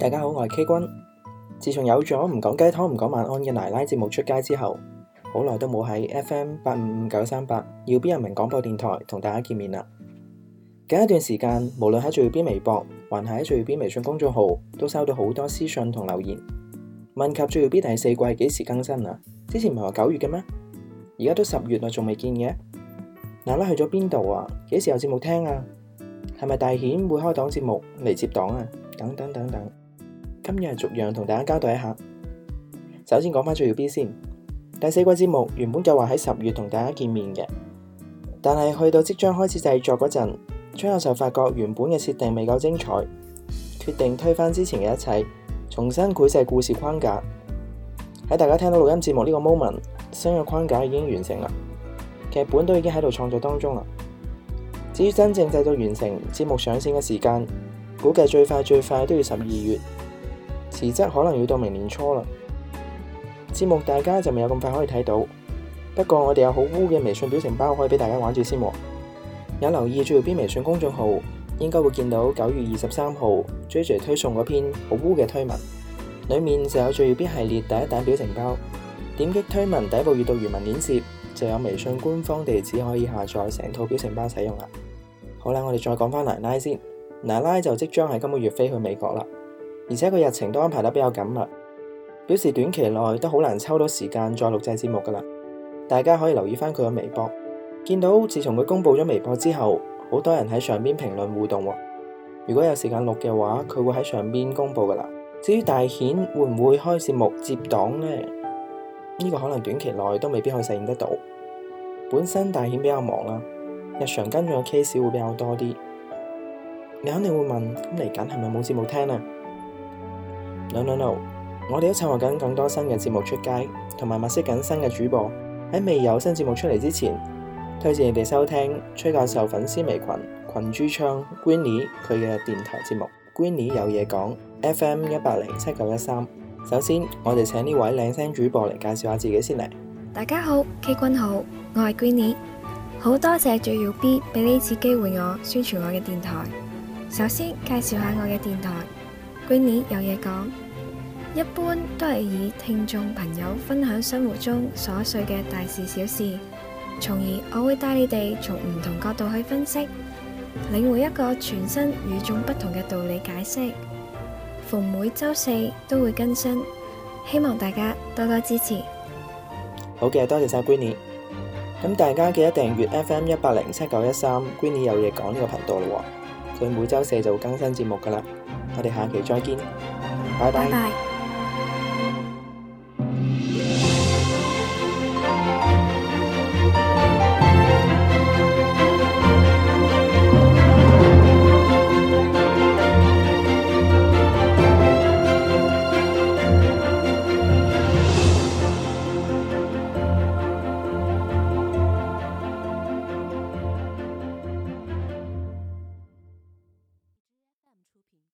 大家好，我係 K 君。自從有咗唔講雞湯、唔講晚安嘅奶奶節目出街之後，好耐都冇喺 F M 八五五九三八耀 B 人民廣播電台同大家見面啦。近一段時間，無論喺最耀 B 微博，還係喺最耀 B 微信公眾號，都收到好多私信同留言，問及最耀 B 第四季係幾時更新啊？之前唔係話九月嘅咩？而家都十月啦，仲未見嘅。奶奶去咗邊度啊？幾時有節目聽啊？係咪大顯會開檔節目嚟接檔啊？等等等等。今日係逐樣同大家交代一下。首先講翻最耀 B 先，第四季節目原本計劃喺十月同大家見面嘅，但係去到即將開始製作嗰陣，張教授就發覺原本嘅設定未夠精彩，決定推翻之前嘅一切，重新繪製故事框架。喺大家聽到錄音節目呢個 moment，新嘅框架已經完成啦，劇本都已經喺度創作當中啦。至於真正製作完成、節目上線嘅時間，估計最快最快都要十二月。遲則可能要到明年初啦，節目大家就未有咁快可以睇到。不過我哋有好污嘅微信表情包可以俾大家玩住先喎、哦。有留意最耀 B 微信公眾號，應該會見到九月二十三號 JJ 推送嗰篇好污嘅推文，裏面就有最耀 B 系列第一彈表情包。點擊推文底部閱讀原文鏈接，就有微信官方地址可以下載成套表情包使用啦。好啦，我哋再講翻奶奶先，奶奶就即將喺今個月飛去美國啦。而且佢日程都安排得比較緊密，表示短期內都好難抽到時間再錄製節目噶啦。大家可以留意翻佢嘅微博，見到自從佢公布咗微博之後，好多人喺上邊評論互動。如果有時間錄嘅話，佢會喺上邊公布噶啦。至於大顯會唔會開節目接檔呢？呢個可能短期內都未必可以實現得到。本身大顯比較忙啦，日常跟進嘅 case 會比較多啲。你肯定會問咁嚟緊係咪冇節目聽啊？No no no！我哋都策劃緊更多新嘅節目出街，同埋物色緊新嘅主播。喺未有新節目出嚟之前，推薦你哋收聽崔教授粉絲微群群主窗 Greenie 佢嘅電台節目 Greenie 有嘢講 FM 一零七九一三。首先，我哋請呢位靚聲主播嚟介紹下自己先嚟。大家好，K 君好，我係 Greenie，好多謝最耀 B 俾呢次機會我宣傳我嘅電台。首先介紹下我嘅電台。Greenie 有嘢講，一般都係以聽眾朋友分享生活中瑣碎嘅大事小事，從而我會帶你哋從唔同角度去分析，領會一個全新與眾不同嘅道理解釋。逢每周四都會更新，希望大家多多支持。好嘅，多謝晒 Greenie。咁大家記得訂閱 FM 一百零七九一三 Greenie 有嘢講呢個頻道咯。佢每周四就會更新節目㗎啦，我哋下期再見，拜拜。Bye bye。